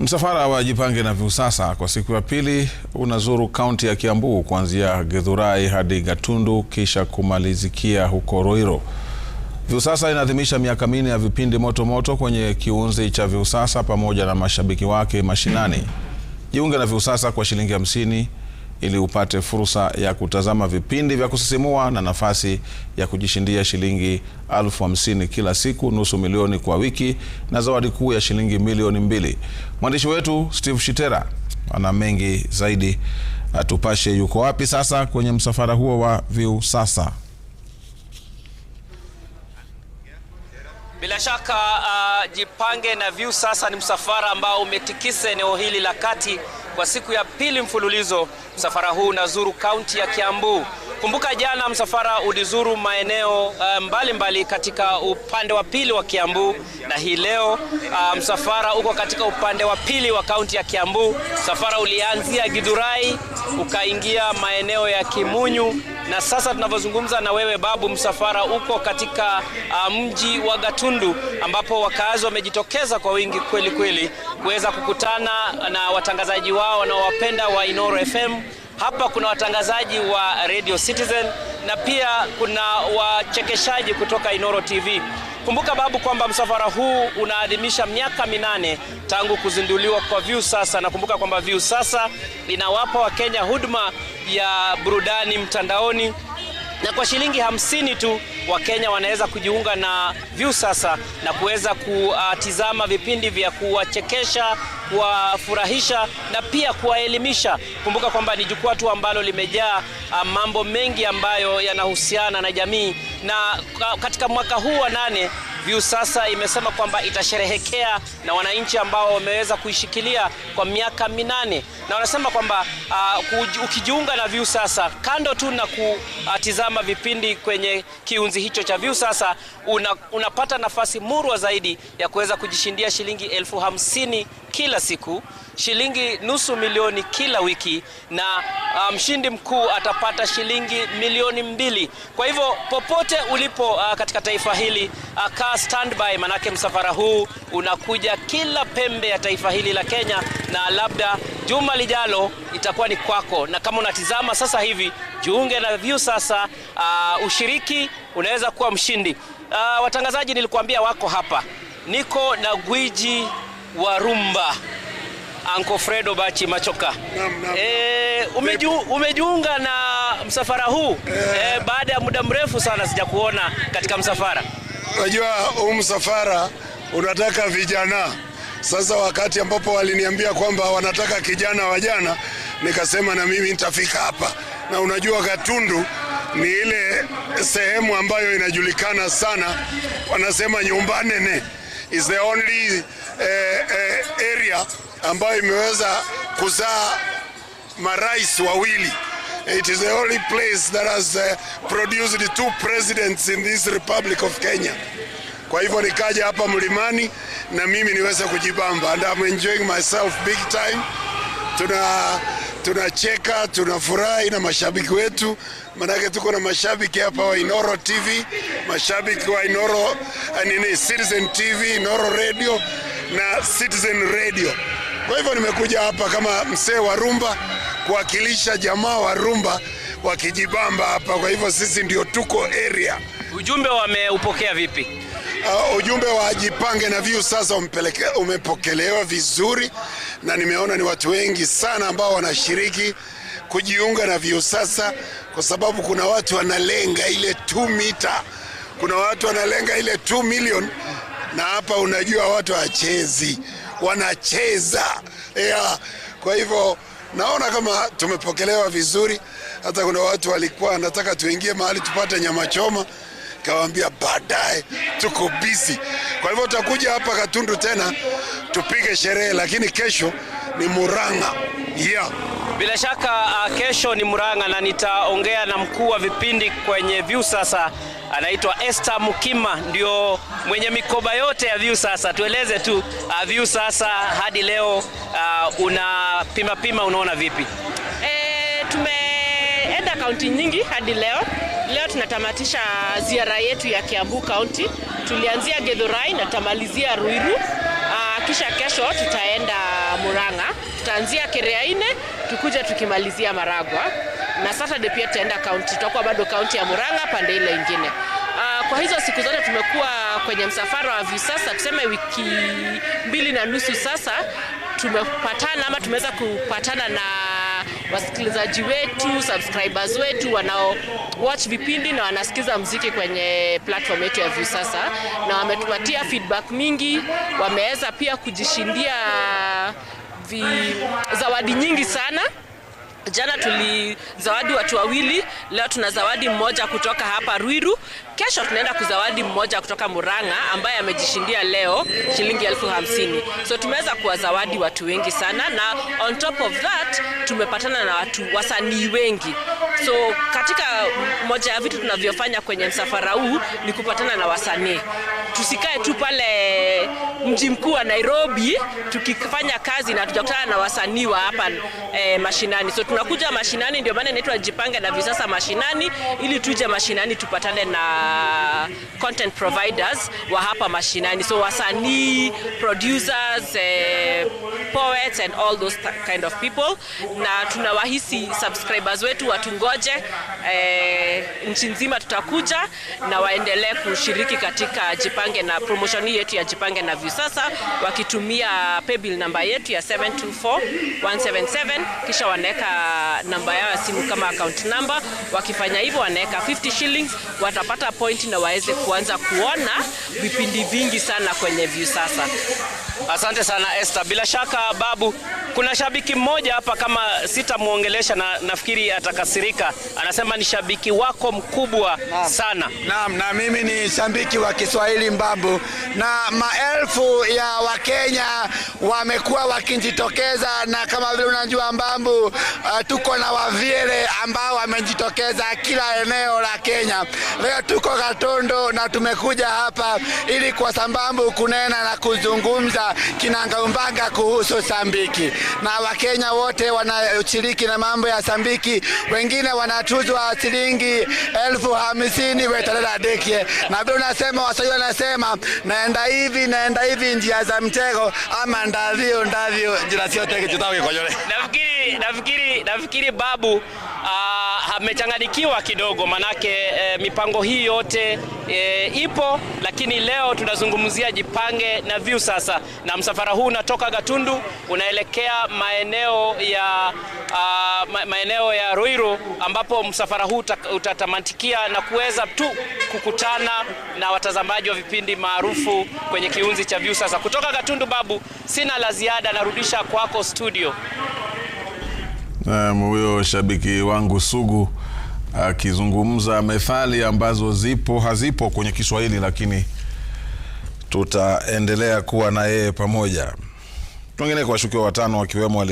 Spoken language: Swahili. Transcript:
Msafara wa Jipange na Viusasa kwa siku ya pili unazuru kaunti ya Kiambu kuanzia Githurai hadi Gatundu kisha kumalizikia huko Roiro. Viusasa inaadhimisha miaka minne ya vipindi moto moto kwenye kiunzi cha Viusasa pamoja na mashabiki wake mashinani. Jiunge na Viusasa kwa shilingi hamsini ili upate fursa ya kutazama vipindi vya kusisimua na nafasi ya kujishindia shilingi elfu hamsini kila siku, nusu milioni kwa wiki na zawadi kuu ya shilingi milioni mbili. Mwandishi wetu Steve Shitera ana mengi zaidi, atupashe yuko wapi sasa kwenye msafara huo wa Viusasa. Bila shaka uh, Jipange na View sasa ni msafara ambao umetikisa eneo hili la kati kwa siku ya pili mfululizo. Msafara huu unazuru kaunti ya Kiambu. Kumbuka jana msafara ulizuru maeneo uh, mbalimbali uh, mbali katika upande wa pili wa Kiambu, na hii leo uh, msafara uko katika upande wa pili wa kaunti ya Kiambu. Msafara ulianzia Githurai ukaingia maeneo ya Kimunyu na sasa tunavyozungumza na wewe babu, msafara uko katika uh, mji wa Gatundu ambapo wakaazi wamejitokeza kwa wingi kweli kweli kuweza kukutana na watangazaji wao wanaowapenda wa Inoro FM. Hapa kuna watangazaji wa Radio Citizen na pia kuna wachekeshaji kutoka Inoro TV. Kumbuka babu kwamba msafara huu unaadhimisha miaka minane tangu kuzinduliwa kwa Sasa, na kumbuka kwamba sasa inawapa Wakenya huduma ya burudani mtandaoni na kwa shilingi hamsini tu Wakenya wanaweza kujiunga na sasa na kuweza kutizama vipindi vya kuwachekesha kuwafurahisha na pia kuwaelimisha. Kumbuka kwamba ni jukwaa tu ambalo limejaa ah, mambo mengi ambayo yanahusiana na jamii, na katika mwaka huu wa nane Viusasa imesema kwamba itasherehekea na wananchi ambao wameweza kuishikilia kwa miaka minane, na wanasema kwamba uh, ukijiunga na Viusasa, kando tu na kutizama vipindi kwenye kiunzi hicho cha Viusasa, una, unapata nafasi murwa zaidi ya kuweza kujishindia shilingi elfu hamsini kila siku, shilingi nusu milioni kila wiki, na ah, mshindi um, mkuu atapata shilingi milioni mbili. Kwa hivyo popote ulipo uh, katika taifa hili uh, kaa standby, manake msafara huu unakuja kila pembe ya taifa hili la Kenya, na labda juma lijalo itakuwa ni kwako. Na kama unatizama sasa hivi, jiunge na View sasa, uh, ushiriki, unaweza kuwa mshindi. Uh, watangazaji nilikuambia wako hapa, niko na gwiji wa rumba Anko Fredo Bachi Machoka. Naam, naam. E, eh, umeju, umejiunga na msafara huu e, baada ya muda mrefu sana sijakuona katika msafara. Unajua huu msafara unataka vijana. Sasa wakati ambapo waliniambia kwamba wanataka kijana wajana, nikasema na mimi nitafika hapa, na unajua Gatundu ni ile sehemu ambayo inajulikana sana, wanasema nyumba nene is the only uh, uh, area ambayo imeweza kuzaa marais wawili. It is the only place that has uh, produced two presidents in this Republic of Kenya. Kwa hivyo nikaja hapa mlimani na mimi niweze kujibamba and I'm enjoying myself big time. Tuna tunacheka, tunafurahi na mashabiki wetu manake tuko na mashabiki hapa wa Inoro TV, mashabiki wa Inoro eh, nini, Citizen TV, Inoro Radio na Citizen Radio. Kwa hivyo nimekuja hapa kama msee wa rumba kuwakilisha jamaa wa rumba wakijibamba hapa. Kwa hivyo sisi ndio tuko area. Ujumbe wameupokea vipi? Uh, ujumbe wa ajipange na view sasa umepokelewa vizuri, na nimeona ni watu wengi sana ambao wanashiriki kujiunga na view sasa kwa sababu kuna watu wanalenga ile 2 mita, kuna watu wanalenga ile 2 million. na hapa unajua watu wachezi wanacheza yeah. Kwa hivyo naona kama tumepokelewa vizuri. Hata kuna watu walikuwa nataka tuingie mahali tupate nyama choma, kawaambia baadaye, tuko bisi. Kwa hivyo tutakuja hapa Katundu tena tupige sherehe, lakini kesho ni Murang'a yeah. Bila shaka ah, kesho ni Murang'a na nitaongea na mkuu wa vipindi kwenye sasa anaitwa Esther Mukima, ndio mwenye mikoba yote ya sasa Tueleze tu ah, sasa hadi leo ah, una pima, unaona vipi? E, tumeenda kaunti nyingi hadi leo. Leo tunatamatisha ziara yetu ya Kiambu Kaunti, tulianzia Githurai na tamalizia Ruiru. Kisha kesho tutaenda Murang'a. Tutaanzia Kerea ine tukuja tukimalizia Maragwa, na Saturday pia tutaenda kaunti, tutakuwa bado kaunti ya Murang'a pande ile ingine. Uh, ah, kwa hizo siku zote tumekuwa kwenye msafara wa visasa tuseme wiki mbili na nusu sasa tumepatana ama tumeweza kupatana na wasikilizaji wetu, subscribers wetu wanao watch vipindi na wanasikiza mziki kwenye platform yetu ya Viusasa, na wametupatia feedback mingi, wameweza pia kujishindia vi, zawadi nyingi sana. Jana tulizawadi watu wawili, leo tuna zawadi mmoja kutoka hapa Ruiru. Kesho tunaenda kuzawadi mmoja kutoka Murang'a ambaye amejishindia leo shilingi elfu hamsini. So tumeweza kuwazawadi watu wengi sana, na on top of that tumepatana na watu wasanii wengi. So katika moja ya vitu tunavyofanya kwenye msafara huu ni kupatana na wasanii, tusikae tu pale mji mkuu wa Nairobi tukifanya kazi na tutakutana na wasanii wa hapa e, mashinani. So tunakuja mashinani, ndio maana inaitwa Jipange na visasa Mashinani, ili tuje mashinani tupatane na content providers wa hapa mashinani, so wasanii, producers, e, poets and all those kind of people, na tunawahisi subscribers wetu watungoje, e, nchi nzima tutakuja na waendelee kushiriki katika Jipange na promotion yetu ya Jipange na Viusasa sasa wakitumia paybill namba yetu ya 724177 kisha wanaweka namba yao ya simu kama account number. Wakifanya hivyo, wanaweka 50 shillings, watapata point na waweze kuanza kuona vipindi vingi sana kwenye Viusasa. Asante sana Esther. Bila shaka Babu, kuna shabiki mmoja hapa kama sitamwongelesha na nafikiri atakasirika. Anasema ni shabiki wako mkubwa naam, sana. Naam, na mimi ni shabiki wa Kiswahili Mbabu, na maelfu ya Wakenya wamekuwa wakijitokeza, na kama vile unajua Mbabu, uh, tuko na wavyele ambao wamejitokeza kila eneo la Kenya. Leo tuko Katondo na tumekuja hapa ili kwa sababu kunena na kuzungumza kinangaumbanga kuhusu Sambiki, na Wakenya wote wanashiriki na mambo ya Sambiki. Wengine wanatuzwa shilingi elfu hamsini wetalela dekie, na vile unasema Waswahili wanasema naenda hivi naenda hivi njia za mtego, ama ndavyo ndavyo njira Nafikiri nafikiri nafikiri babu uh, amechanganikiwa ah, kidogo, manake e, mipango hii yote e, ipo, lakini leo tunazungumzia Jipange na View sasa, na msafara huu unatoka Gatundu unaelekea maeneo ya ah, a, maeneo ya Ruiru ambapo msafara huu utatamatikia na kuweza tu kukutana na watazamaji wa vipindi maarufu kwenye kiunzi cha View sasa. Kutoka Gatundu, Babu, sina la ziada, narudisha kwako studio huyo shabiki wangu sugu akizungumza methali ambazo zipo hazipo kwenye Kiswahili, lakini tutaendelea kuwa na yeye pamoja. Wengine washukiwa watano wakiwemo wali